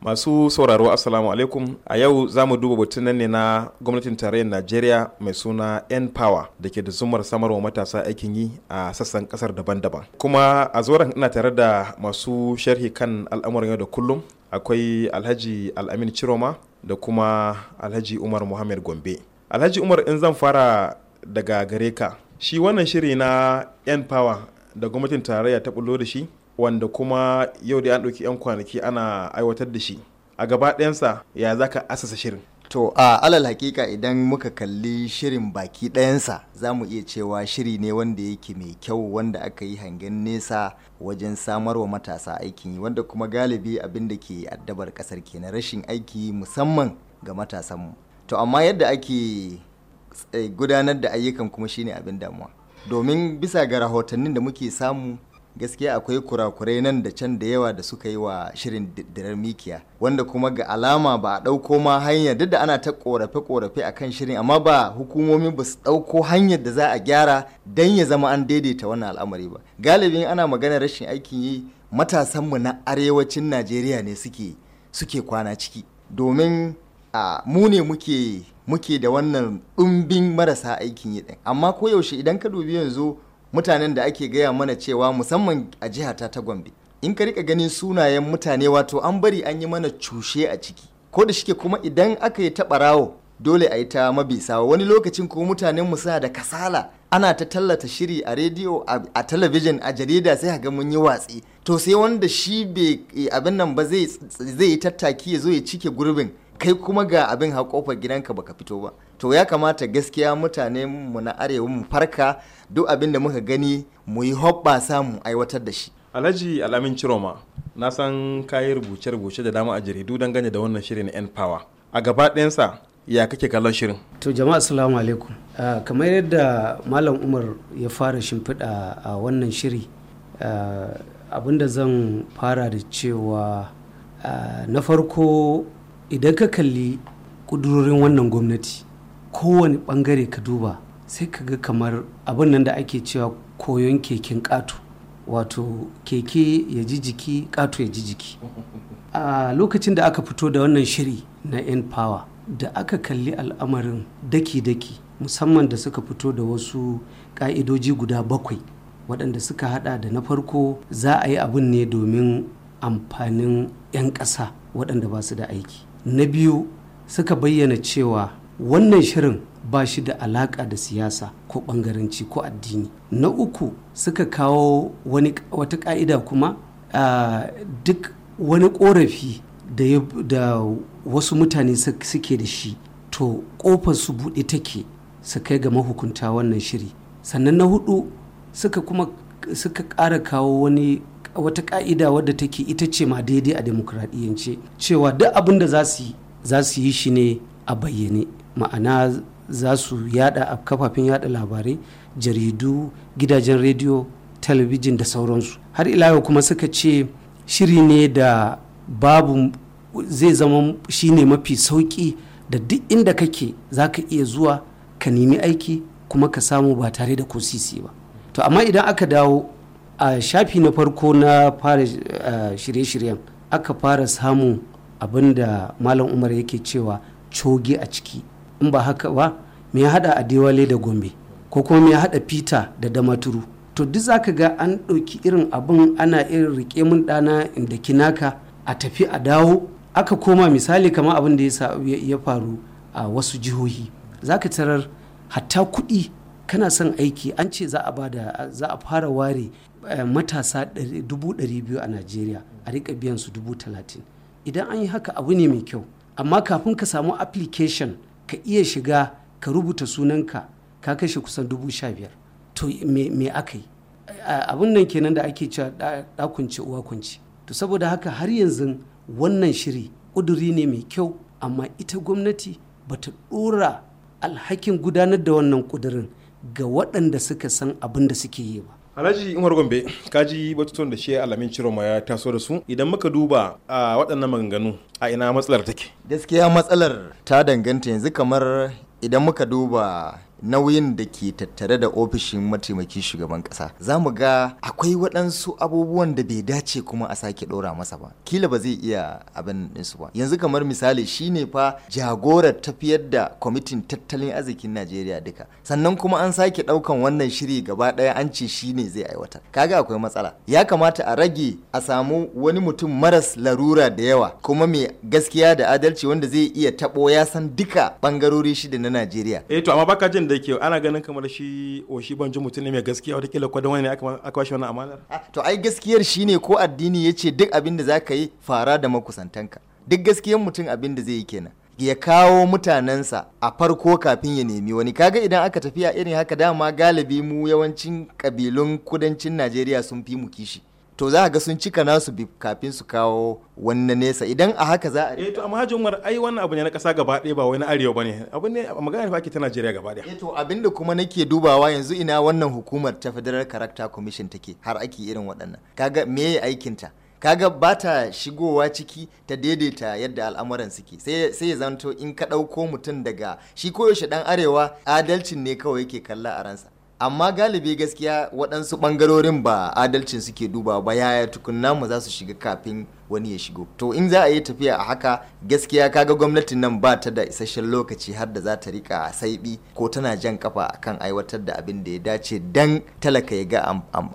masu sauraro assalamu alaikum a yau za mu duba batun nan ne na gwamnatin tarayyar najeriya mai suna n power da ke da zumar samarwa matasa aikin yi a sassan kasar daban-daban kuma a zauren ina tare da masu sharhi kan al'amuran yau da kullum akwai alhaji al'amin chiroma da kuma alhaji umar muhammad gombe alhaji umar in zan fara daga gare ka shi wannan shiri na n power da gwamnatin tarayya ta bullo da shi wanda kuma yau da an ɗauki 'yan kwanaki ana aiwatar da shi a gaba ɗayansa ya za ka asasa shirin to a alal hakika idan muka kalli shirin baki ɗayansa za mu iya cewa shiri ne wanda yake mai kyau wanda aka yi hangen nesa wajen samarwa matasa aikin yi wanda kuma galibi abin da ke addabar ƙasar kenan rashin aiki musamman ga matasanmu to amma yadda ake eh, gudanar da ayyukan kuma shine abin damuwa domin bisa ga rahotannin da muke samu gaskiya akwai kurakurai nan da can da yawa da suka yi wa shirin dirar mikiya wanda kuma ga alama ba a ɗauko ma hanyar duk da ana ta korafe-korafe a kan shirin amma ba hukumomi ba su ɗauko hanyar da za a gyara don ya zama an daidaita wannan al'amari ba galibin ana magana rashin aikin yi matasanmu na arewacin najeriya ne suke suke kwana ciki domin a mu ne muke muke da wannan ɗumbin marasa aikin yi amma amma koyaushe idan ka dubi yanzu mutanen da ake gaya mana cewa musamman a jiha ta gombe in ka rika ganin sunayen mutane wato an bari an yi mana cushe a ciki ko da shike kuma idan aka yi taɓarawo dole a yi ta mabisa wani lokacin ko mutanen mu suna da kasala ana ta tallata shiri a rediyo a talabijin a jarida sai ga mun yi watsi to sai wanda shi bai eh, abin nan ba zai yi tattaki ya zo ya cike gurbin kai kuma ga abin haƙofar gidanka baka fito ba to ya kamata gaskiya mutane mu na arewa mu farka duk abin da muka gani mu yi hoɓɓasa mu aiwatar da shi alhaji alamin ciroma na san kayi rubuce-rubuce da dama a jaridu gane da wannan shirin n power a gaba ɗayansa ya kake kallon shirin to jama'a assalamu alaikum kamar yadda malam umar ya fara shimfiɗa a wannan shiri abin abinda zan fara da cewa na farko idan ka kalli ƙudurorin wannan gwamnati kowane bangare ka duba sai ka ga kamar abin nan da ake cewa koyon keken ƙato wato keke ya ji jiki ƙato ya ji jiki a lokacin da aka fito da wannan shiri na n power da aka kalli al'amarin daki-daki musamman da suka fito da wasu ƙa'idoji guda bakwai waɗanda suka hada da na farko za a yi abin ne domin amfanin 'yan ƙasa waɗanda ba su da aiki na biyu suka bayyana cewa wannan shirin ba shi da alaƙa da siyasa ko ɓangaranci ko addini na uku suka kawo wata ƙa'ida kuma duk wani ƙorafi da wasu mutane suke da shi to ƙofar su buɗe take su kai ga mahukunta wannan shiri sannan na hudu suka kuma suka ƙara kawo wani wata ƙa'ida wadda take ita ce ma daidai a demokradiyyance cewa duk abin da za su yi shi ne a bayyane ma'ana za su yada a kafafen yada labarai jaridu gidajen rediyo talabijin da sauransu har ila yau kuma suka ce shiri ne da babu zai zama shi ne mafi sauki da duk inda kake za ka iya zuwa ka nemi aiki kuma ka samu ba tare da kosisi ba to amma idan aka dawo a shafi na farko na fara eh, shirye-shiryen aka fara samun abin da malam umar yake cewa coge a ciki in ba haka ba me ya hada a dewale da gombe ko kuma me ya hada peter da damaturu to duk zaka ga an ɗauki irin abin ana irin rike mun ɗana inda kinaka a tafi a dawo aka koma misali kamar abin da ya faru a wasu jihohi zaka tarar hatta kuɗi kana son aiki an ce za a bada za a fara ware eh, matasa dubu biyu a najeriya a rika biyan su dubu talatin idan an yi haka abu ne mai kyau amma kafin ka samu application ka iya shiga ka rubuta sunanka ka kashe kusan dubu sha biyar to me aka yi abin nan kenan da ake cewa ɗakunce uwa kunci to saboda haka har yanzu wannan shiri ƙuduri ne mai kyau amma ita gwamnati bata ɗora alhakin gudanar da wannan ƙudurin ga waɗanda suka san abin da suke yi ba Alhaji Umar Gombe ka ji batutuwan da shi alamin Ciroma ya taso da su idan muka duba a waɗannan maganganu a ina matsalar take. Gaskiya matsalar ta danganta yanzu kamar idan muka duba nauyin da ke tattare da ofishin mataimakin shugaban kasa za mu ga akwai waɗansu abubuwan da bai dace kuma a sake ɗora masa ba kila ba zai iya abin ɗinsu ba yanzu kamar misali shine fa jagorar tafiyar da kwamitin tattalin arzikin najeriya duka sannan kuma an sake ɗaukan wannan shiri gaba ɗaya an ce ne zai aiwatar kaga akwai matsala ya kamata a rage a samu wani mutum maras larura da yawa kuma mai gaskiya da adalci wanda zai iya taɓo ya san duka ɓangarori shida na najeriya eh to amma baka jin da ke ana ganin kamar shi o shi ban ji mutum ne mai gaskiya wata kila kwadon wani ne aka bashi wani amana. Ah, to ai gaskiyar shi ne ko addini ya ce duk abin da zaka yi fara da makusantanka duk gaskiyar mutum abin da zai yi kenan ya kawo mutanensa a farko kafin ya nemi wani kaga idan aka tafiya irin haka dama galibi mu yawancin kabilun kudancin najeriya sun fi mu kishi to za ga sun cika nasu kafin su kawo wannan nesa idan a haka za a eh to amma hajji umar ai wannan abu ne na kasa gaba ɗaya ba wai na arewa bane abu ne magana fa ake ta Najeriya gaba ɗaya eh, to to abinda kuma nake dubawa yanzu ina wannan hukumar ta Federal Character Commission take har ake irin waɗannan kaga me aikin ta kaga ba ta shigowa ciki ta daidaita yadda al'amuran suke sai ya zanto in ka ɗauko mutum daga shi koyaushe ɗan arewa adalcin ne kawai yake kalla a ransa amma galibi gaskiya waɗansu ɓangarorin ba adalcin suke duba ba yaya tukunna mu za su shiga kafin wani ya shigo to in za a yi tafiya a haka gaskiya kaga gwamnatin nan ba ta da isasshen lokaci har da za ta rika saibi ko tana jan kafa kan aiwatar da abin da ya dace dan talaka ya ga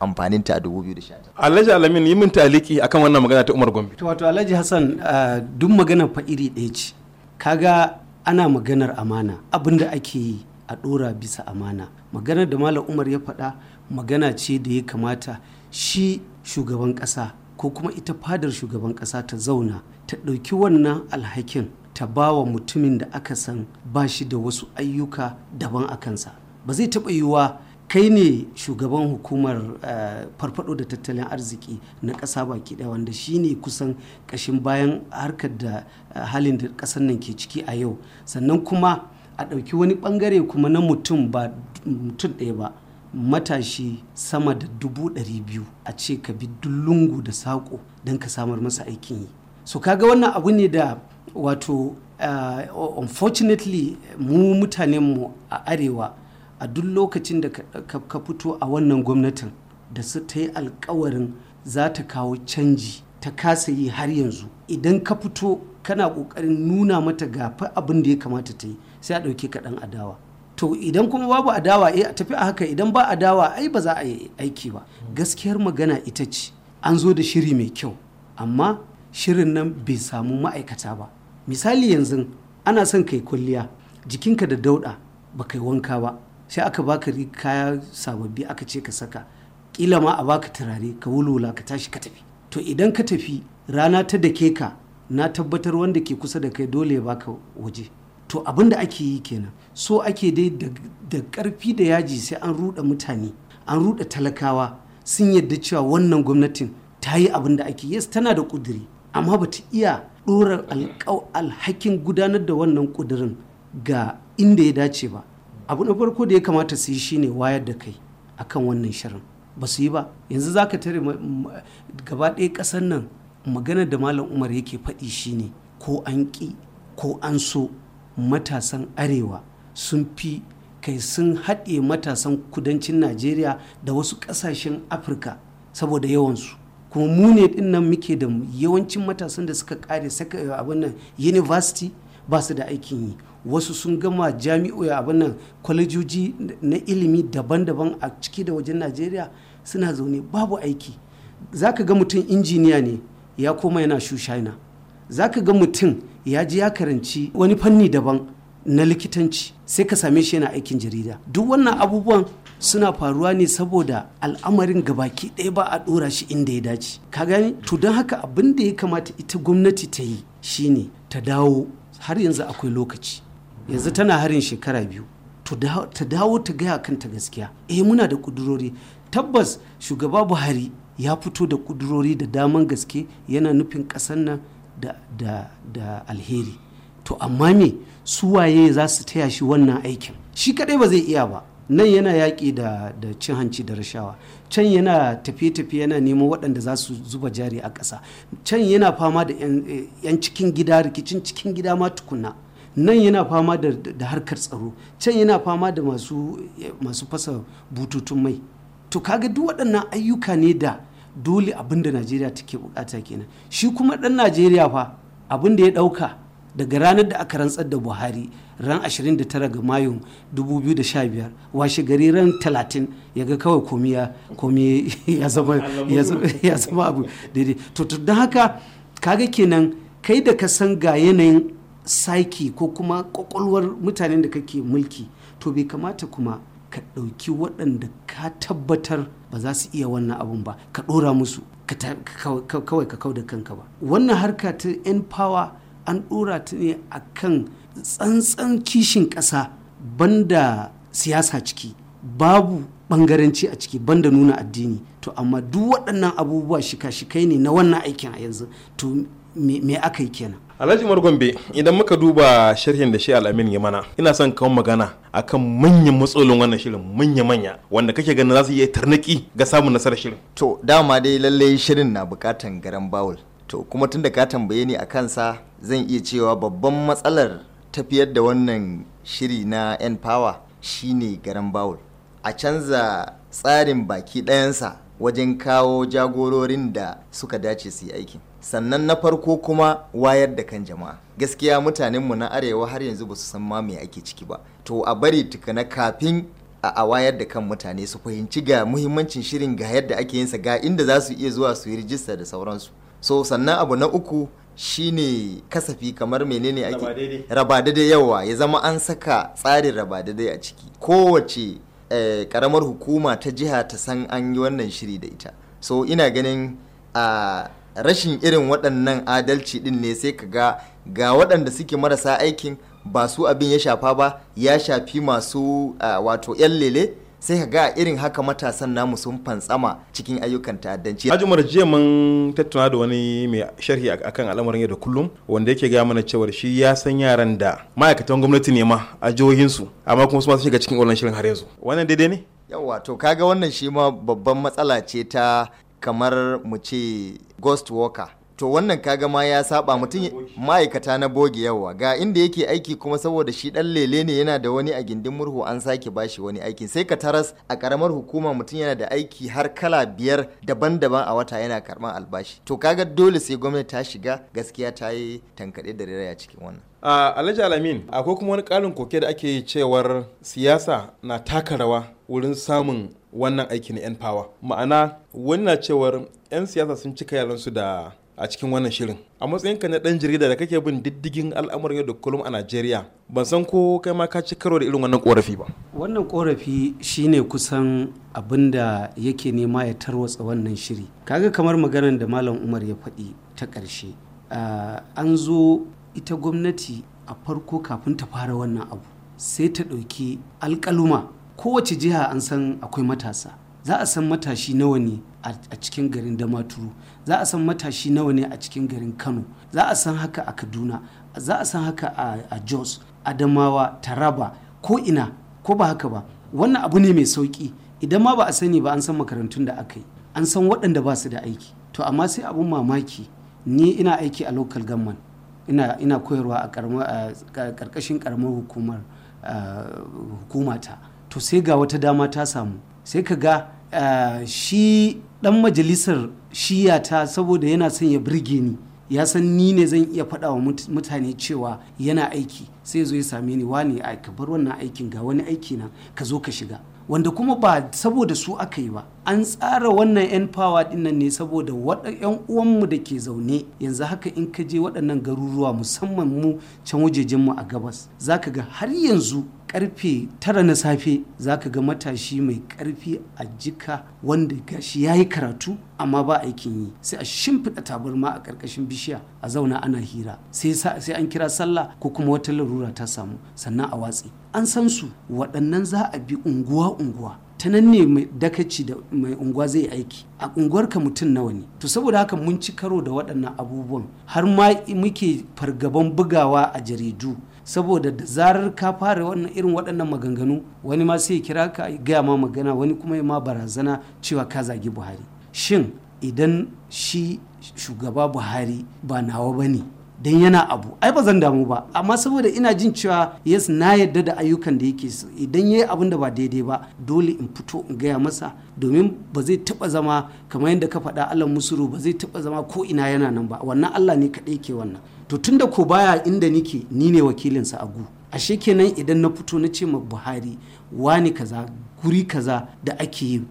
amfanin ta a 2019 Alhaji Alamin yi min taliki akan wannan magana ta Umar Gombe to wato Alhaji Hassan ah, duk magana fa iri ɗaya ce kaga ana maganar amana abin da ake yi a ɗora bisa amana maganar da malam umar ya faɗa magana ce da ya kamata shi shugaban ƙasa ko kuma ita fadar shugaban ƙasa ta zauna ta ɗauki wannan alhakin ta ba wa mutumin da aka san ba shi da wasu ayyuka daban a kansa ba zai taɓa yiwuwa kai ne shugaban hukumar eh, farfado da tattalin arziki na ƙasa baki ɗaya wanda shi ne kusan ƙashin bayan harkar da eh, halin da ƙasar nan ke ciki a yau sannan kuma a ɗauki wani ɓangare kuma na mutum ba mutum ɗaya ba matashi sama da dubu ɗari biyu a ce ka bi duk lungu da saƙo don ka samar masa aikin yi so ga wannan abu ne da wato uh, unfortunately mu mutanenmu a arewa a duk lokacin da ka fito a wannan gwamnatin da su ta yi alkawarin za ta kawo canji ta kasa yi har yanzu idan ka fito kana ƙoƙarin nuna mata gafa abin da ya kamata ta yi sai a ɗauke ka ɗan adawa to idan kuma babu adawa eh a tafi a haka idan ba adawa ai ba za a yi aiki ba gaskiyar magana ita ce an zo da shiri mai kyau amma shirin nan bai samu ma'aikata ba misali yanzu ana son kai kwalliya jikinka da dauɗa ba kai wanka ba sai aka baka kaya sababbi aka ce ka saka kila ma a baka turare ka wulwula ka tashi ka tafi to idan ka tafi rana ta dake ka na tabbatar wanda ke kusa da kai dole ya baka waje to abin da ake yi kenan so ake dai da karfi da yaji sai an ruɗa mutane an ruɗa talakawa sun yadda cewa wannan gwamnatin ta yi abin da ake yes tana da ƙuduri amma ba ta iya ɗorar alhakin gudanar da wannan ƙudurin ga inda ya dace ba abu na farko da ya kamata su yi shine wayar da kai akan wannan shirin ba su yi ba yanzu za ka tare gaba ɗaya ƙasar nan magana da malam umar yake faɗi shine ko an ƙi ko an so matasan arewa sun fi kai sun haɗe matasan kudancin najeriya da wasu ƙasashen afirka saboda yawansu kuma mu ne nan muke da yawancin matasan da suka ƙare saka eh, abin nan university ba su da aikin yi wasu sun gama jami'o'i eh, abin nan kwalejoji na ilimi daban-daban a ciki da wajen najeriya suna zaune babu aiki za ka ga mutum injiniya ne ya koma yana shushaina za ka ga mutum ya ji ya karanci wani fanni daban na likitanci sai ka same shi yana aikin jarida duk wannan abubuwan suna faruwa ne saboda al'amarin gabaki ɗaya ba a ɗora shi inda ya dace ka gani to don haka abin da ya kamata ita gwamnati ta yi shine ta dawo har yanzu akwai lokaci yanzu tana harin shekara biyu ta dawo ta gaya kanta gaskiya eh muna da kudurori tabbas shugaba buhari ya fito da kudurori da daman gaske yana nufin ƙasar nan da, da, da alheri to amma me su waye za su taya shi wannan aikin shi kadai ba zai iya ba nan yana yaƙi da, da cin hanci da rashawa can yana tafiye-tafiye yana neman waɗanda za su zuba jari a ƙasa can yana fama da 'yan eh, cikin gida rikicin cikin gida ma tukuna nan yana fama da, harkar tsaro can yana fama da masu eh, fasa bututun mai to kaga duk waɗannan ayyuka ne da dole abin da najeriya take bukata kenan shi kuma ɗan najeriya fa abin da ya ɗauka daga ranar da aka rantsar da buhari ran 29 ga mayu 2015 washe gari ran 30 ya ga kawai komi ya zama abu daidai to don haka kaga kenan kai da ka san ga yanayin saki ko kuma kwakwalwar mutanen da kake mulki to bai kamata kuma ka ɗauki waɗanda ka tabbatar ba za su iya wannan abun ba ka ɗora musu kawai ka kau da kanka ba wannan harka ta yan power an ɗora ta ne a kan tsantsan kishin ƙasa banda siyasa ciki babu ɓangaranci a ciki banda nuna addini to amma duk waɗannan abubuwa shika-shikai ne na wannan aikin a yanzu to me aka yi kenan Alhaji Umar Gombe idan muka duba sharhin da shi al'amin ya mana ina son kawo magana akan manyan matsalolin wannan shirin manya manya wanda kake ganin za su iya tarnaki ga samun nasarar shirin. To dama dai lallai shirin na bukatan garan bawul. To kuma tunda ka tambaye ni a kansa zan iya cewa babban matsalar tafiyar da wannan shiri na yan power shine garan bawul. A canza tsarin baki ɗayansa wajen kawo jagororin da suka dace su yi aikin. sannan na farko kuma wayar da kan jama'a gaskiya mutanenmu na arewa har yanzu ba su san ma me ake ciki ba to a bari tukuna kafin a wayar da kan mutane su fahimci ga muhimmancin shirin ga yadda ake yinsa ga inda za su iya zuwa su yi rijista da sauransu so sannan abu na uku shine kasafi kamar menene ake rabadade yawa ya zama an saka tsarin rabadade a ciki kowace eh, karamar hukuma ta jiha ta san an yi wannan shiri da ita so ina ganin a ah, rashin irin waɗannan adalci ɗin ne sai ka ga ga waɗanda suke marasa aikin ba su abin ya shafa ba ya shafi masu wato 'yan lele sai ka ga irin haka matasan namu sun fantsama cikin ayyukan ta'addanci. Ajumar jiya mun tattauna da wani mai sharhi akan al'amarin yau da kullum wanda yake gaya mana cewar shi ya san yaran da ma'aikatan gwamnati ne ma a jihohinsu amma kuma su ma shiga cikin wannan shirin har yanzu. Wannan daidai ne? Yawwa to kaga wannan shi ma babban matsala ce ta kamar mu ce ghost worker to wannan kaga ma ya saba mutum ma'aikata na bogi yawa ga inda yake aiki kuma saboda shi dan lele ne yana da wani a gindin murhu an sake bashi wani aikin sai ka taras a karamar hukuma mutum yana da aiki har kala biyar daban-daban a wata yana karban albashi to kaga dole sai gwamnati ta shiga gaskiya ta yi tankaɗe da raya cikin wannan a alhaji alamin akwai kuma wani ƙarin koke da ake cewar siyasa na taka rawa wurin samun wannan aiki na 'yan fawa ma'ana wannan cewar 'yan siyasa sun cika su da a cikin wannan shirin a matsayin ka na dan jarida da kake bin diddigin al'amuran yau da kullum a najeriya ban san ko kai ma ka ci karo da irin wannan korafi ba wannan korafi shine kusan abin da yake nema ya tarwatsa wannan shiri kaga kamar maganar da malam umar ya faɗi ta ƙarshe an zo ita gwamnati a farko kafin ta fara wannan abu sai ta ɗauki alƙaluma kowace jiha an san akwai matasa za a san matashi nawa ne a cikin garin damaturu za a san matashi nawa ne a cikin garin kano za a san haka a kaduna za a san haka a jos adamawa taraba ko ina ko ba haka ba wannan abu ne mai sauki idan ma ba a sani ba an san makarantun da aka yi an san waɗanda ba su da aiki to amma sai abun mamaki ni ina aiki a local government ina, koyarwa a ƙarƙashin ƙaramar hukumar hukumata to sai ga wata dama ta samu sai ka ga eh, shi dan majalisar shiya ta saboda yana son ya birge ni ya san ni ne zan iya faɗa wa mutane cewa yana aiki sai zo ya same ni wani a ka bar wannan aikin ga wani aiki na ka zo ka shiga wanda kuma ba saboda su aka yi ba an tsara wannan 'yan fawa dinnan ne saboda yan uwanmu da ke zaune yanzu haka in ka je waɗannan garuruwa musamman mu can mu a gabas za ka ga har yanzu karfe tara na safe za ka ga matashi mai karfi a jika wanda gashi ya yi karatu amma ba aikin yi sai a shimfiɗa tabarma a ƙarƙashin bishiya a zauna ana hira sai an kira sallah ko kuma wata larura ta samu sannan a watsi an san su waɗannan za a bi unguwa-unguwa ta nan ne mai dakaci da mai unguwa zai aiki a unguwarka mutum nawa ne to saboda haka mun ci karo da waɗannan abubuwan har ma muke fargaban bugawa a jaridu saboda da zarar ka fara wannan irin waɗannan maganganu wani ma sai kira ka gaya ma magana wani kuma ya ma barazana cewa ka zagi buhari shin idan shi shugaba buhari ba nawa ba ne don yana abu ai ba zan damu ba amma saboda ina jin cewa yes na yadda da ayyukan da yake so idan yayi abin da ba daidai ba dole in fito in gaya masa domin ba zai taba zama kamar yadda ka faɗa Allah musuru ba zai taba zama ko ina yana nan ba wannan Allah ne kaɗai ke wannan to tunda ko baya inda nike ni ne wakilinsa a gu ashe kenan idan na fito na ce ma buhari wani kaza guri kaza da ake yi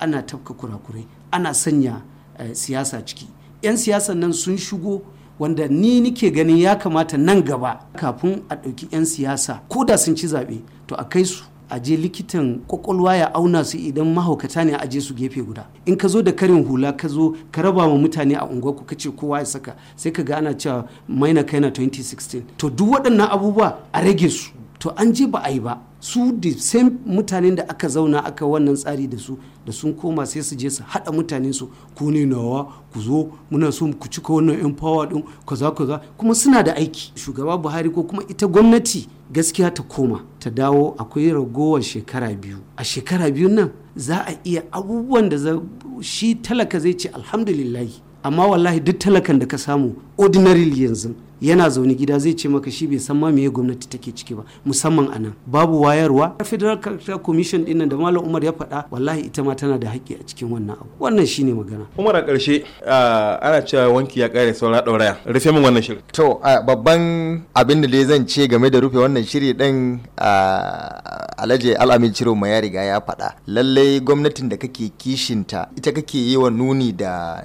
ana tafka kurakurai ana sanya uh, siyasa ciki 'yan siyasan nan sun shigo wanda ni nike ganin ya kamata nan gaba kafin a ɗauki 'yan siyasa ko da sun ci zaɓe to a kai su a likitan kwakwalwa ya auna su idan mahaukata ne a je su gefe guda in ka zo da karin hula ka zo ka raba ma mutane a unguwar ku kace kowa ya saka sai ka ga ana cewa maina kaina 2016 to duk waɗannan abubuwa a rage su to an je ba a yi ba su da sai mutanen da aka zauna aka wannan tsari da su da sun koma sai su je su haɗa mutanen su ku ne nawa ku zo muna so ku cika wannan yan power din kaza kaza kuma suna da aiki shugaba buhari ko kuma ita gwamnati gaskiya ta koma ta dawo akwai ragowar shekara biyu a shekara biyu nan za a iya abubuwan da shi talaka zai ce alhamdulillahi amma wallahi duk talakan da ka samu ordinary yanzu yana zaune gida zai ce maka shi bai san ma meye gwamnati take ciki ba musamman a nan babu wayarwa federal cultural commission dinnan da malam umar ya faɗa wallahi ita ma tana da haƙƙi a cikin wannan abu wannan shine magana umar a ƙarshe ana cewa wanki ya ƙare saura ɗauraya rufe min wannan shirin to babban abin da dai zan ce game da rufe wannan shiri dan alhaji al'amin ciro ma ya riga ya faɗa lallai gwamnatin da kake kishinta ita kake yi wa nuni da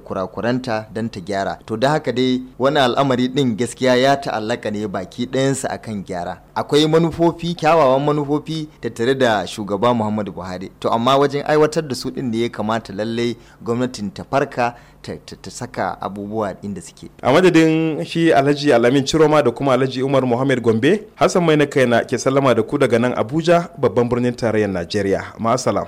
kurakuranta don ta gyara to da haka dai wani al'amari din ɗin gaskiya ya ta'allaka ne baki ɗayansa akan gyara akwai manufofi kyawawan manufofi tattare da shugaba muhammadu buhari to amma wajen aiwatar da su ɗin da ya kamata lallai gwamnatin ta farka ta saka abubuwa inda suke a madadin shi alhaji alamin ciroma da kuma alhaji umar muhammad gombe hassan mai na kaina ke sallama da ku daga nan abuja babban birnin tarayyar najeriya ma'asalam